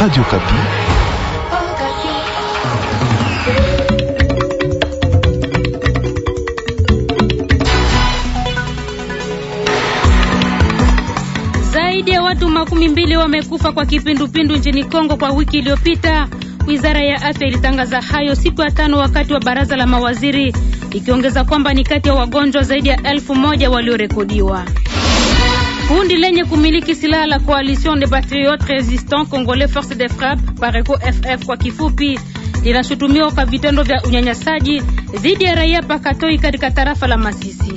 Radio Kapi. Zaidi ya watu makumi mbili wamekufa kwa kipindupindu nchini Kongo kwa wiki iliyopita. Wizara ya afya ilitangaza hayo siku ya tano wakati wa baraza la mawaziri, ikiongeza kwamba ni kati ya wagonjwa zaidi ya elfu moja waliorekodiwa. Kundi lenye kumiliki silaha la Coalition de Patriotes Resistants Congolais Force de Frappe Pareko FF kwa kifupi linashutumiwa kwa vitendo vya unyanyasaji dhidi ya raia Pakatoi katika tarafa la Masisi.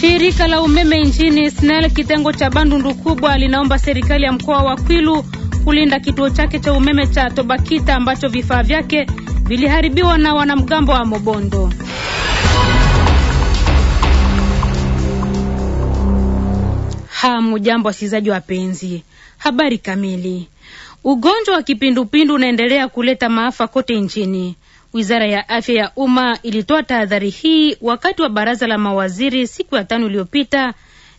Shirika la umeme nchini SNEL kitengo cha Bandundu kubwa linaomba serikali ya mkoa wa Kwilu kulinda kituo chake cha umeme cha Tobakita ambacho vifaa vyake viliharibiwa na wanamgambo wa Mobondo. Hamujambo wasikilizaji wapenzi, habari kamili. Ugonjwa wa kipindupindu unaendelea kuleta maafa kote nchini. Wizara ya afya ya umma ilitoa tahadhari hii wakati wa baraza la mawaziri siku ya tano iliyopita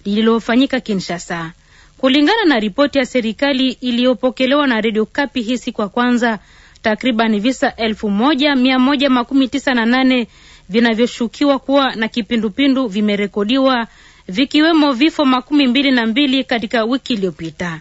lililofanyika Kinshasa. Kulingana na ripoti ya serikali iliyopokelewa na redio Kapi hii siku ya kwanza, takriban visa elfu moja mia moja makumi tisa na nane vinavyoshukiwa kuwa na kipindupindu vimerekodiwa vikiwemo vifo makumi mbili na mbili katika wiki iliyopita.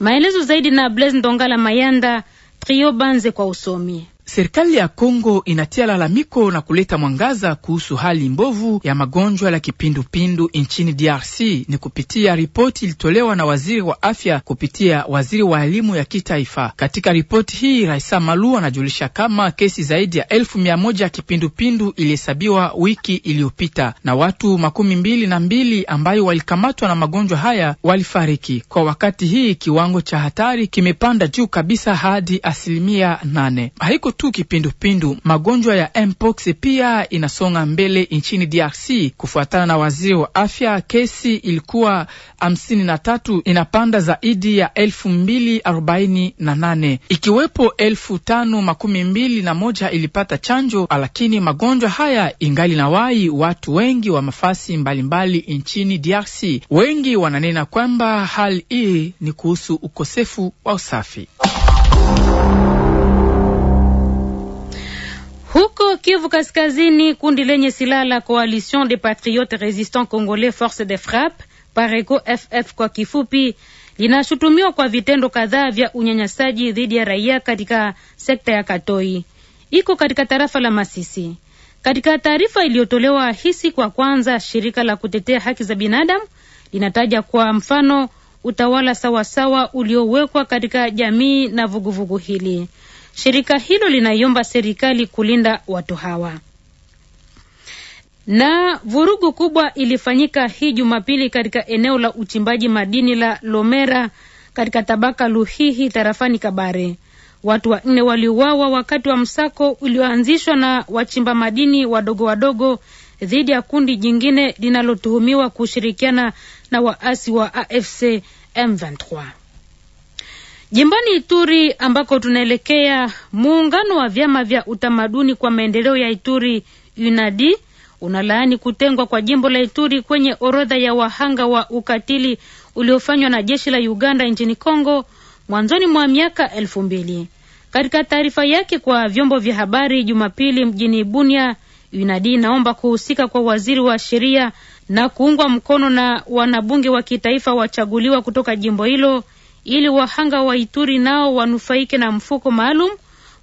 Maelezo zaidi na Blaise Ndongala Mayanda, Trio Banze kwa usomi. Serikali ya Kongo inatia lalamiko na kuleta mwangaza kuhusu hali mbovu ya magonjwa la kipindupindu nchini DRC ni kupitia ripoti ilitolewa na waziri wa afya kupitia waziri wa elimu ya kitaifa. Katika ripoti hii, Raisa Malu anajulisha kama kesi zaidi ya elfu mia moja ya kipindupindu ilihesabiwa wiki iliyopita na watu makumi mbili na mbili ambayo walikamatwa na magonjwa haya walifariki. Kwa wakati hii kiwango cha hatari kimepanda juu kabisa hadi asilimia nane. Haiku sio tu kipindupindu, magonjwa ya mpox pia inasonga mbele nchini DRC. Kufuatana na waziri wa afya, kesi ilikuwa hamsini na tatu inapanda zaidi ya elfu mbili arobaini na nane ikiwepo elfu tano makumi mbili na moja ilipata chanjo, lakini magonjwa haya ingali na wai watu wengi wa mafasi mbalimbali nchini DRC. Wengi wananena kwamba hali hii ni kuhusu ukosefu wa usafi. Huko Kivu Kaskazini, kundi lenye silaha la Coalition des Patriotes Resistants Congolais Force de Frappe, Pareco FF kwa kifupi, linashutumiwa kwa vitendo kadhaa vya unyanyasaji dhidi ya raia katika sekta ya Katoi, iko katika tarafa la Masisi. Katika taarifa iliyotolewa hisi kwa kwanza, shirika la kutetea haki za binadamu linataja kwa mfano utawala sawasawa uliowekwa katika jamii na vuguvugu vugu hili. Shirika hilo linaiomba serikali kulinda watu hawa. Na vurugu kubwa ilifanyika hii Jumapili katika eneo la uchimbaji madini la Lomera katika tabaka Luhihi tarafani Kabare. Watu wanne waliuawa wakati wa msako ulioanzishwa na wachimba madini wadogo wadogo dhidi ya kundi jingine linalotuhumiwa kushirikiana na waasi wa AFC M23. Jimboni Ituri ambako tunaelekea, muungano wa vyama vya utamaduni kwa maendeleo ya Ituri UNADI unalaani kutengwa kwa jimbo la Ituri kwenye orodha ya wahanga wa ukatili uliofanywa na jeshi la Uganda nchini Kongo mwanzoni mwa miaka elfu mbili. Katika taarifa yake kwa vyombo vya habari Jumapili mjini Bunia, UNADI inaomba kuhusika kwa waziri wa sheria na kuungwa mkono na wanabunge wa kitaifa wachaguliwa kutoka jimbo hilo ili wahanga wa Ituri nao wanufaike na mfuko maalum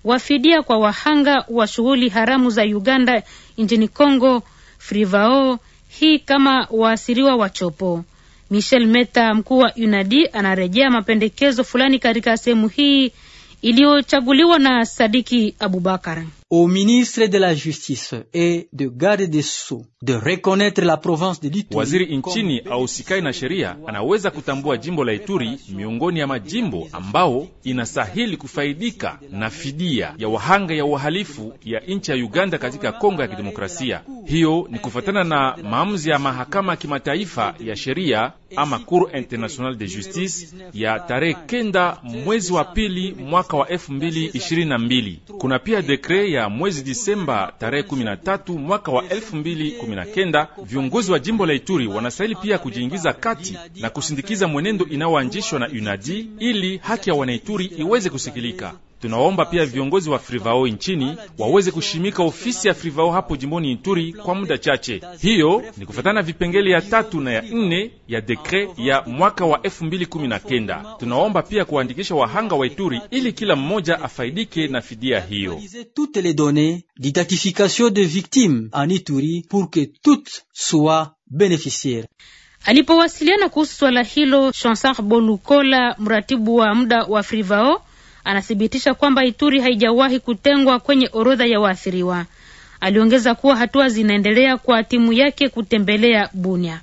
wafidia kwa wahanga wa shughuli haramu za Uganda nchini Kongo Frivao, hii kama waasiriwa wachopo. Michel Meta, mkuu wa UNADI, anarejea mapendekezo fulani katika sehemu hii iliyochaguliwa na Sadiki Abubakar au ministre de la Justice et de garde des Sceaux de reconnaître la province de Ituri. Waziri nchini ahusikaye na sheria anaweza kutambua jimbo la Ituri miongoni ya majimbo ambao inasahili kufaidika na fidia ya wahanga ya uhalifu ya nchi ya Uganda katika Kongo ya Kidemokrasia. Hiyo ni kufuatana na maamuzi ya mahakama ya kimataifa ya sheria ama Cour international de Justice ya tarehe kenda mwezi wa pili mwaka wa 2022. Kuna pia dekre ya mwezi Disemba tarehe 13 mwaka wa 2019, viongozi wa jimbo la Ituri wanastahili pia kujiingiza kati na kusindikiza mwenendo inayoanzishwa na UNADI ili haki ya Wanaituri iweze kusikilika. Tunaomba pia viongozi wa Frivao nchini waweze kushimika ofisi ya Frivao hapo jimboni Ituri kwa muda chache. Hiyo ni kufatana vipengele ya tatu na ya nne ya dekre ya mwaka wa 2019. Tunaomba pia kuandikisha wahanga wa Ituri ili kila mmoja afaidike na fidia hiyo. les données victimes Ituri pour que Alipowasiliana kuhusu swala hilo, Chansar Bolukola, mratibu wa muda wa Frivao anathibitisha kwamba Ituri haijawahi kutengwa kwenye orodha ya waathiriwa. Aliongeza kuwa hatua zinaendelea kwa timu yake kutembelea Bunia.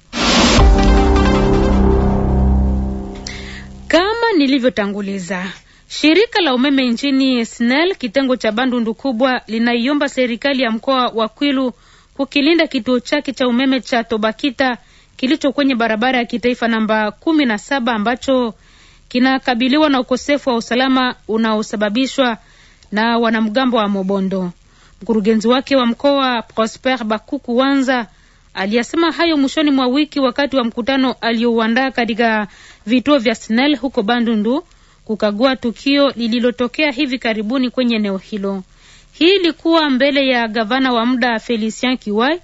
Kama nilivyotanguliza, shirika la umeme nchini SNEL kitengo cha Bandundu kubwa linaiomba serikali ya mkoa wa Kwilu kukilinda kituo chake cha umeme cha Tobakita kilicho kwenye barabara ya kitaifa namba kumi na saba ambacho kinakabiliwa na ukosefu wa usalama unaosababishwa na wanamgambo wa Mobondo. Mkurugenzi wake wa mkoa Prosper Bakuku Wanza aliyasema hayo mwishoni mwa wiki wakati wa mkutano aliyouandaa katika vituo vya SNEL huko Bandundu kukagua tukio lililotokea hivi karibuni kwenye eneo hilo. Hii ilikuwa mbele ya gavana wa muda Felicien Kiwai,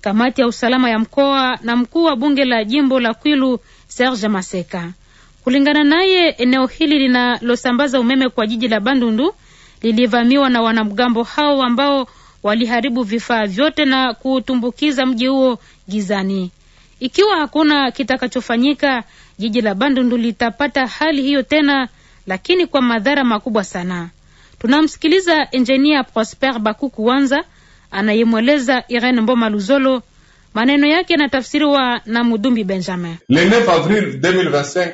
kamati ya usalama ya mkoa na mkuu wa bunge la jimbo la Kwilu Serge Maseka. Kulingana naye, eneo hili linalosambaza umeme kwa jiji la Bandundu lilivamiwa na wanamgambo hao ambao waliharibu vifaa vyote na kuutumbukiza mji huo gizani. Ikiwa hakuna kitakachofanyika, jiji la Bandundu litapata hali hiyo tena, lakini kwa madhara makubwa sana. Tunamsikiliza enjinia Prosper bakuku wanza anayemweleza Irene Mboma Luzolo Maneno yake yanatafsiriwa na Mudumbi Benjamin.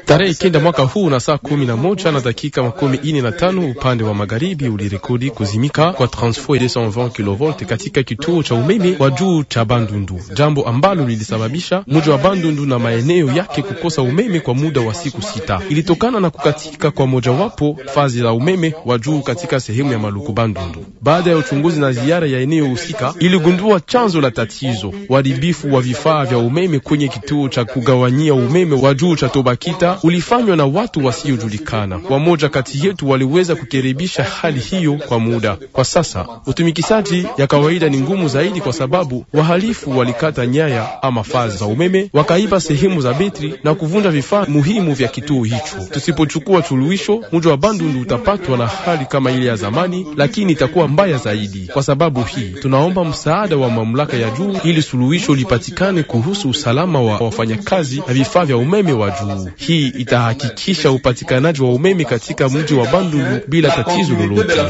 Tarehe kenda mwaka huu na saa kumi na moja na dakika makumi ine na tano upande wa magharibi ulirekodi kuzimika kwa transfo 220 kV katika kituo cha umeme wa juu cha Bandundu, jambo ambalo lilisababisha mji wa Bandundu na maeneo yake kukosa umeme kwa muda wa siku sita. Ilitokana na kukatika kwa mojawapo fazi la umeme wa juu katika sehemu ya Maluku Bandundu. Baada ya uchunguzi na ziara ya eneo husika, iligundua chanzo la tatizo Wadibi uharibifu wa vifaa vya umeme kwenye kituo cha kugawanyia umeme wa juu cha Tobakita ulifanywa na watu wasiojulikana. Wamoja kati yetu waliweza kukeribisha hali hiyo kwa muda. Kwa sasa utumikishaji ya kawaida ni ngumu zaidi, kwa sababu wahalifu walikata nyaya ama fazi za umeme, wakaiba sehemu za betri na kuvunja vifaa muhimu vya kituo hicho. Tusipochukua suluhisho, mji wa Bandundu utapatwa na hali kama ile ya zamani, lakini itakuwa mbaya zaidi. Kwa sababu hii, tunaomba msaada wa mamlaka ya juu ili suluhisho lipatikane kuhusu usalama wa wafanyakazi na vifaa vya umeme wa juu. Hii itahakikisha upatikanaji wa umeme katika mji wa Bandundu bila tatizo lolote.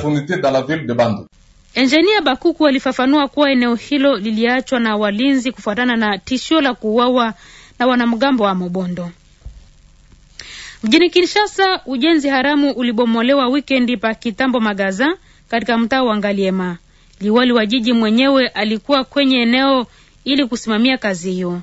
Enjinia Bakuku alifafanua kuwa eneo hilo liliachwa na walinzi kufuatana na tishio la kuuawa na wanamgambo wa Mobondo. Mjini Kinshasa, ujenzi haramu ulibomolewa wikendi pa Kitambo Magaza katika mtaa wa Ngaliema. Liwali wa jiji mwenyewe alikuwa kwenye eneo ili kusimamia kazi hiyo.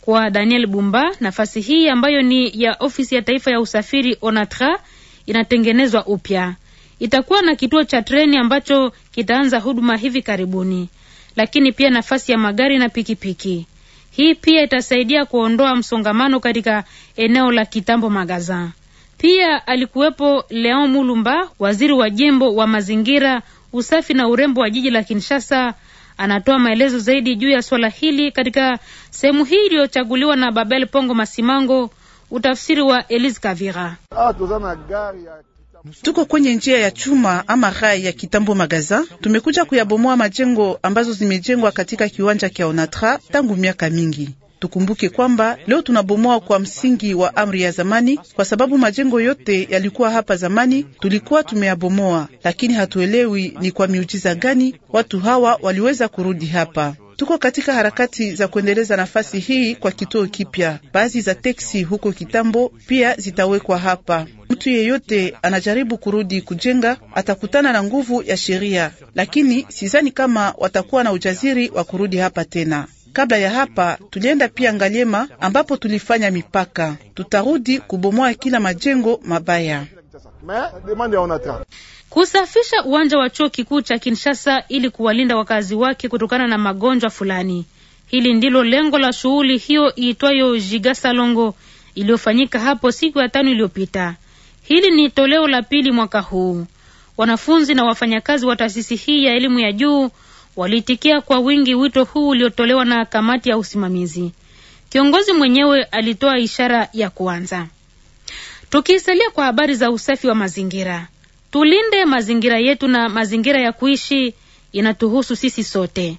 Kwa Daniel Bumba, nafasi hii ambayo ni ya ofisi ya taifa ya usafiri ONATRA inatengenezwa upya. Itakuwa na kituo cha treni ambacho kitaanza huduma hivi karibuni, lakini pia nafasi ya magari na pikipiki. Hii pia itasaidia kuondoa msongamano katika eneo la Kitambo Magaza. Pia alikuwepo Leon Mulumba, waziri wa jimbo wa mazingira, usafi na urembo wa jiji la Kinshasa, anatoa maelezo zaidi juu ya swala hili katika sehemu hii iliyochaguliwa na Babel Pongo Masimango, utafsiri wa Elise Kavira. Ah, Tuko kwenye njia ya chuma ama rai ya kitambo magaza. Tumekuja kuyabomoa majengo ambazo zimejengwa katika kiwanja kya Onatra tangu miaka mingi. Tukumbuke kwamba leo tunabomoa kwa msingi wa amri ya zamani, kwa sababu majengo yote yalikuwa hapa zamani, tulikuwa tumeyabomoa, lakini hatuelewi ni kwa miujiza gani watu hawa waliweza kurudi hapa. Tuko katika harakati za kuendeleza nafasi hii kwa kituo kipya. Baadhi za teksi huko kitambo pia zitawekwa hapa. Mtu yeyote anajaribu kurudi kujenga atakutana na nguvu ya sheria, lakini sizani kama watakuwa na ujaziri wa kurudi hapa tena. Kabla ya hapa tulienda pia Ngaliema ambapo tulifanya mipaka. Tutarudi kubomoa kila majengo mabaya. Kusafisha uwanja wa chuo kikuu cha Kinshasa ili kuwalinda wakazi wake kutokana na magonjwa fulani. Hili ndilo lengo la shughuli hiyo iitwayo longo iliyofanyika hapo siku ya tano iliyopita. Hili ni toleo la pili mwaka huu. Wanafunzi na wafanyakazi wa taasisi hii ya elimu ya juu waliitikia kwa wingi wito huu uliotolewa na kamati ya usimamizi. Kiongozi mwenyewe alitoa ishara ya kuanza. Tukisalia kwa habari za usafi wa mazingira, tulinde mazingira yetu na mazingira ya kuishi inatuhusu sisi sote.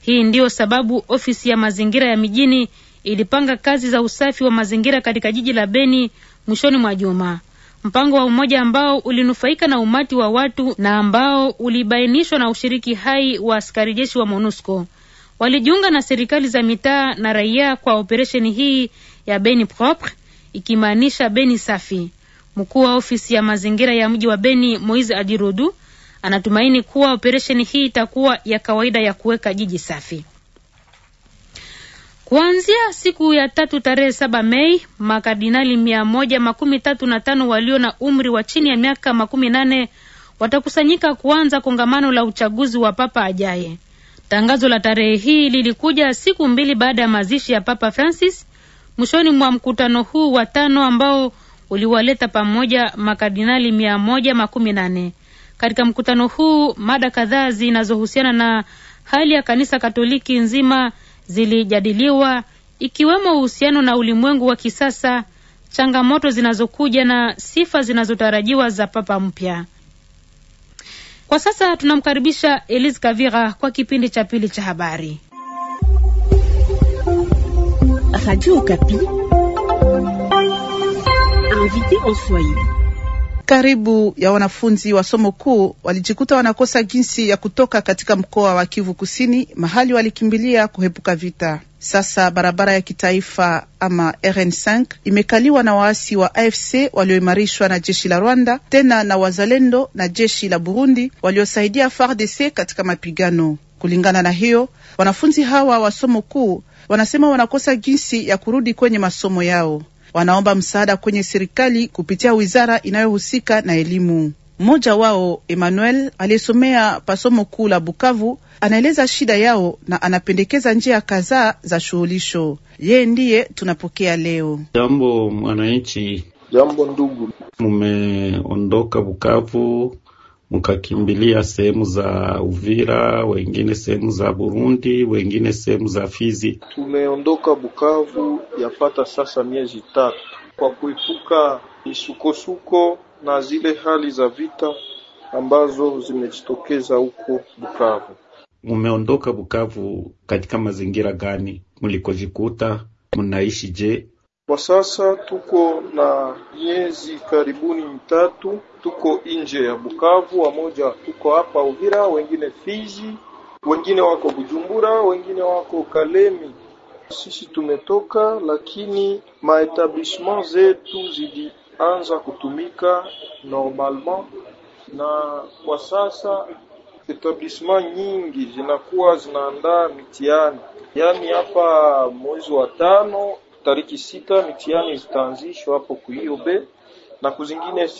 Hii ndiyo sababu ofisi ya mazingira ya mijini ilipanga kazi za usafi wa mazingira katika jiji la Beni mwishoni mwa juma mpango wa umoja ambao ulinufaika na umati wa watu na ambao ulibainishwa na ushiriki hai wa askari jeshi wa MONUSCO. Walijiunga na serikali za mitaa na raia kwa operesheni hii ya Beni propre, ikimaanisha Beni safi. Mkuu wa ofisi ya mazingira ya mji wa Beni, Moise Adirodu, anatumaini kuwa operesheni hii itakuwa ya kawaida ya kuweka jiji safi. Kuanzia siku ya tatu tarehe saba Mei, makardinali mia moja makumi tatu na tano walio na umri wa chini ya miaka makumi nane watakusanyika kuanza kongamano la uchaguzi wa papa ajaye. Tangazo la tarehe hii lilikuja siku mbili baada ya mazishi ya Papa Francis mwishoni mwa mkutano huu wa tano ambao uliwaleta pamoja makardinali mia moja makumi nane. Katika mkutano huu mada kadhaa zinazohusiana na hali ya kanisa Katoliki nzima zilijadiliwa ikiwemo uhusiano na ulimwengu wa kisasa, changamoto zinazokuja na sifa zinazotarajiwa za papa mpya. Kwa sasa tunamkaribisha Elise Kavira kwa kipindi cha pili cha habari. Radio Okapi. Invité en Swahili karibu ya wanafunzi wa somo kuu walijikuta wanakosa jinsi ya kutoka katika mkoa wa Kivu Kusini, mahali walikimbilia kuhepuka vita. Sasa barabara ya kitaifa ama RN5 imekaliwa na waasi wa AFC walioimarishwa na jeshi la Rwanda, tena na wazalendo na jeshi la Burundi waliosaidia FARDC katika mapigano. Kulingana na hiyo, wanafunzi hawa wa somo kuu wanasema wanakosa jinsi ya kurudi kwenye masomo yao. Wanaomba msaada kwenye serikali kupitia wizara inayohusika na elimu. Mmoja wao Emmanuel aliyesomea pasomo kuu la Bukavu anaeleza shida yao na anapendekeza njia kadhaa za shughulisho. Yeye ndiye tunapokea leo. Jambo mwananchi, jambo ndugu, mumeondoka Bukavu mkakimbilia sehemu za Uvira, wengine sehemu za Burundi, wengine sehemu za Fizi. Tumeondoka Bukavu yapata sasa miezi tatu kwa kuepuka misukosuko na zile hali za vita ambazo zimejitokeza huko Bukavu. Mumeondoka Bukavu katika mazingira gani? Mlikojikuta mnaishi je? Kwa sasa tuko na miezi karibuni mitatu tuko nje ya Bukavu, wamoja tuko hapa Uvira, wengine Fizi, wengine wako Bujumbura, wengine wako Kalemi. Sisi tumetoka, lakini maetablissement zetu zilianza kutumika normalement, na kwa sasa etablissement nyingi zinakuwa zinaandaa mitihani, yaani hapa mwezi wa tano Tariki sita mitihani zitaanzishwa hapo kuiobe na kuzingine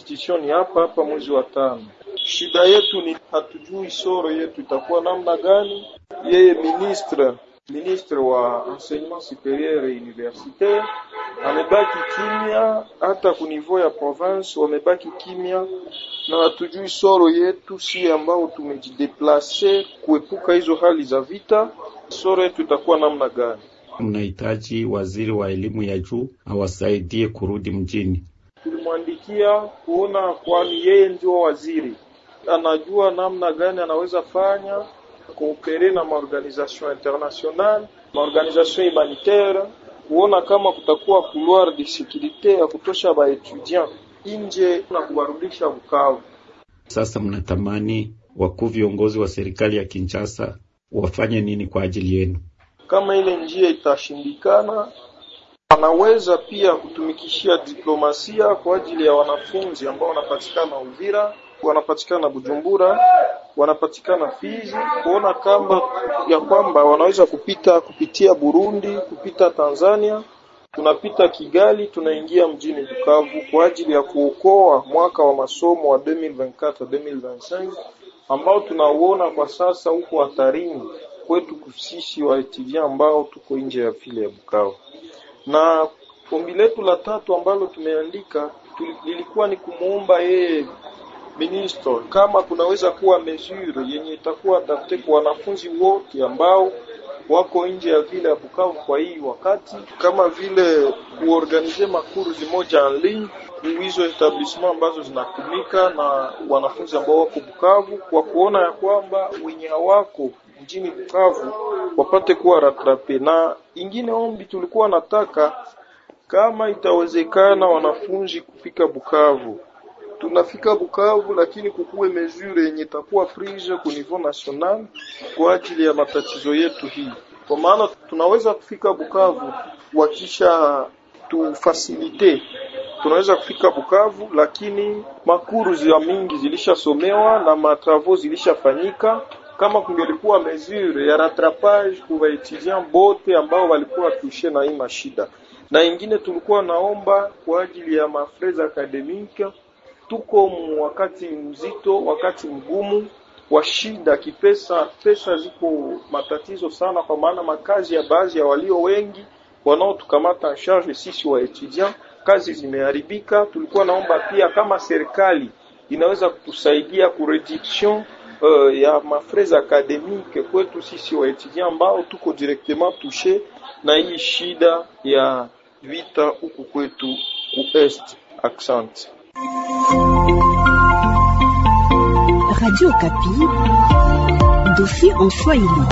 ni hapa hapa mwezi wa tano. Shida yetu ni hatujui soro yetu itakuwa namna gani. Yeye ministre ministre wa enseignement superieur et universitaire amebaki kimya, hata kunivou ya province wamebaki kimya na hatujui soro yetu, si ambao tumejideplase kuepuka hizo hali za vita, soro yetu itakuwa namna gani? mnahitaji waziri wa elimu ya juu awasaidie kurudi mjini. Tulimwandikia kuona, kwani yeye ndio waziri anajua namna gani anaweza fanya koopere na maorganisation internationale maorganisation humanitaire, kuona kama kutakuwa couloir de securite ya kutosha baetudiant nje na kuwarudisha Bukavu. Sasa mnatamani wakuu viongozi wa serikali ya Kinshasa wafanye nini kwa ajili yenu? Kama ile njia itashindikana, wanaweza pia kutumikishia diplomasia kwa ajili ya wanafunzi ambao wanapatikana Uvira, wanapatikana Bujumbura, wanapatikana Fizi, kuona kama ya kwamba wanaweza kupita kupitia Burundi, kupita Tanzania, tunapita Kigali, tunaingia mjini Bukavu kwa ajili ya kuokoa mwaka wa masomo wa 2024 2025 ambao tunauona kwa sasa huko hatarini kwetu sisi waetidia ambao tuko nje ya vile ya Bukavu. Na ombi letu la tatu ambalo tumeandika lilikuwa ni kumuomba yeye minister kama kunaweza kuwa mesure yenye itakuwa adapte kwa wanafunzi wote ambao wako nje ya vile ya Bukavu kwa hii wakati, kama vile kuorganize makurzi moja en ligne hizo ambazo zinatumika na wanafunzi ambao wako Bukavu, kwa kuona ya kwamba wenye hawako mjini Bukavu wapate kuwa ratrape. Na ingine ombi tulikuwa nataka kama itawezekana wanafunzi kufika Bukavu, tunafika Bukavu, lakini kukuwe mesure yenye takuwa frise ku niveau national kwa ajili ya matatizo yetu hii, kwa maana tunaweza kufika Bukavu wakisha tufasilite tunaweza kufika Bukavu, lakini makuru za mingi zilishasomewa na matravo zilishafanyika kama kungelikuwa mesure ya rattrapage kwa étudiants bote ambao walikuwa tushe na hii mashida, na ingine tulikuwa naomba kwa ajili ya mafreza academique. Tuko wakati mzito, wakati mgumu wa shida kipesa, pesa ziko matatizo sana, kwa maana makazi ya baadhi ya walio wengi wanaotukamata charge sisi wa étudiants, kazi zimeharibika. Tulikuwa naomba pia kama serikali inaweza kutusaidia ku reduction uh, ya mafrase akademike kwetu sisi waetudia ambao tuko directement touche na hii shida ya vita huku kwetu kuest. accent Radio Kapi, dofi en Swahili.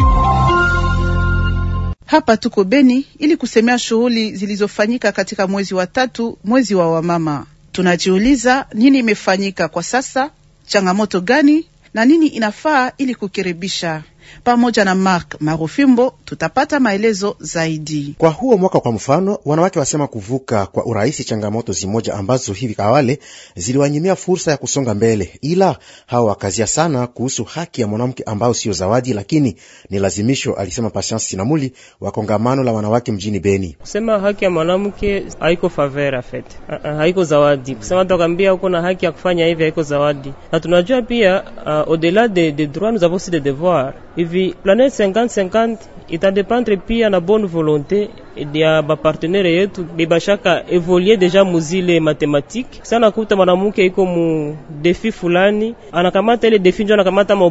Hapa tuko Beni ili kusemea shughuli zilizofanyika katika mwezi wa tatu, mwezi wa wamama. Tunajiuliza nini imefanyika kwa sasa, changamoto gani na nini inafaa ili kukirebisha pamoja na Mark Marofimbo tutapata maelezo zaidi. Kwa huo mwaka, kwa mfano, wanawake wasema kuvuka kwa urahisi changamoto zimoja ambazo hivi awale ziliwanyimia fursa ya kusonga mbele, ila hawa wakazia sana kuhusu haki ya mwanamke ambao sio zawadi, lakini ni lazimisho, alisema Patience Sinamuli wa kongamano la wanawake mjini Beni. Kusema haki ya mwanamke haiko favera fete, ah, ah, haiko zawadi. Kusema tukaambia uko na haki ya kufanya hivi, haiko zawadi. Na tunajua pia uh, au-delà de droits nous avons aussi des devoirs Hivi planete cinquante cinquante itadependre pia na bonne volonté ya bapartenere yetu bebashaka evolue deja muzile matematike. Sana kuta mwanamuke iko mu defi fulani anakamata ile defi njo anakamata ma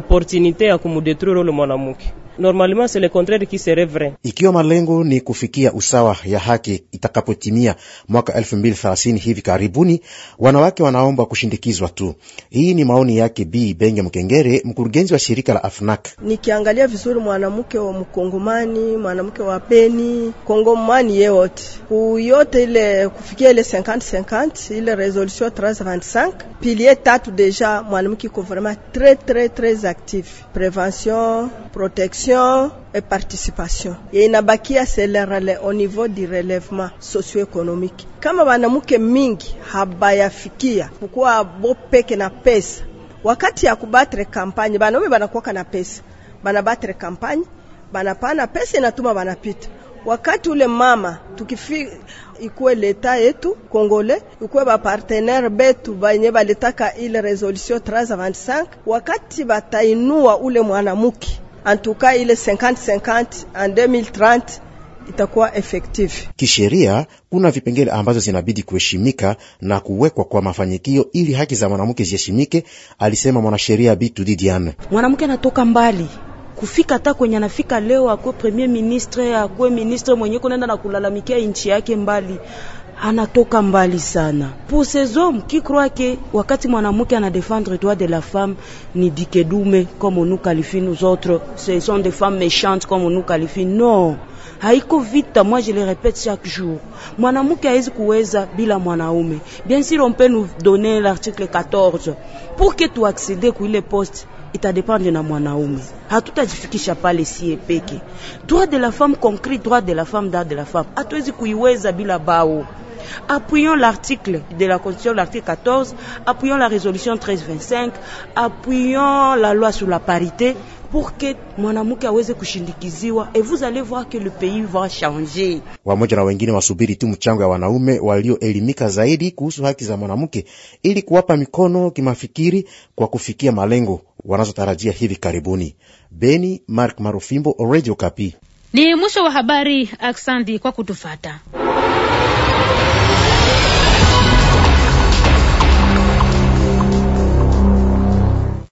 ya kumudetruire ule mwanamuke normalement c'est le contraire qui serait vrai. Ikiwa malengo ni kufikia usawa ya haki itakapotimia mwaka 2030 hivi karibuni, wanawake wanaomba kushindikizwa tu. Hii ni maoni yake Bi Benge Mkengere, mkurugenzi wa shirika la Afnak. Nikiangalia vizuri, mwanamke wa Mkongomani, mwanamke wa Beni, Kongomani yeyote kuyote ile kufikia ile 50 50 ile resolution 325 pilier tatu, deja mwanamke ko vraiment très très très actif: prevention, protection formation et participation ye inabakia selerale au niveau du relèvement socio-économique. Kama wanamke mingi habayafikia kukuwa bo na pesa, wakati ya kubatre kampanye banaume banakuwaka na pesa, banabatre kampanye banapana pesa, inatuma banapita wakati ule mama tukifi ikuwe leta yetu Kongole, ikuwe bapartenere betu banye balitaka ile resolution 325 wakati batainua ule mwanamke En tout cas ile 50-50 en 2030 itakuwa efektif Kisheria kuna vipengele ambazo zinabidi kuheshimika na kuwekwa kwa mafanyikio ili haki za mwanamke ziheshimike, alisema mwanasheria Bitu Didiane. Mwanamke anatoka mbali kufika hata kwenye anafika leo, akuwe premier ministre, akuwe ministre mwenye kunaenda na kulalamikia nchi yake mbali anatoka mbali sana. Pour ces hommes qui croient que wakati mwanamke défendre droit de la femme ni dikedume comme on nous qualifie nous autres, ce sont des femmes méchantes comme on nous qualifie. Non, haiko vita. Moi je le répète chaque jour, mwanamke hawezi kuweza bila mwanaume. Bien sûr on peut nous donner l'article 14 pour que tu accéder kuile poste itadepende na mwanaume, hatutajifikisha pale sie peke. Droit de la femme concret, droit de la femme, droit de la femme, hatuwezi kuiweza bila bao. appuyons l'article de la Constitution, l'article 14, appuyons la résolution 1325, appuyons la loi sur la parité pour que mwanamke aweze kushindikiziwa et vous allez voir que le pays va changer. Wamoja na wengine wasubiri tu mchango ya wanaume walioelimika zaidi kuhusu haki za mwanamke ili kuwapa mikono kimafikiri kwa kufikia malengo wanazotarajia hivi karibuni. Beni, Mark Marufimbo, Radio Kapi. Ni mwisho wa habari. Aksandi kwa kutufata.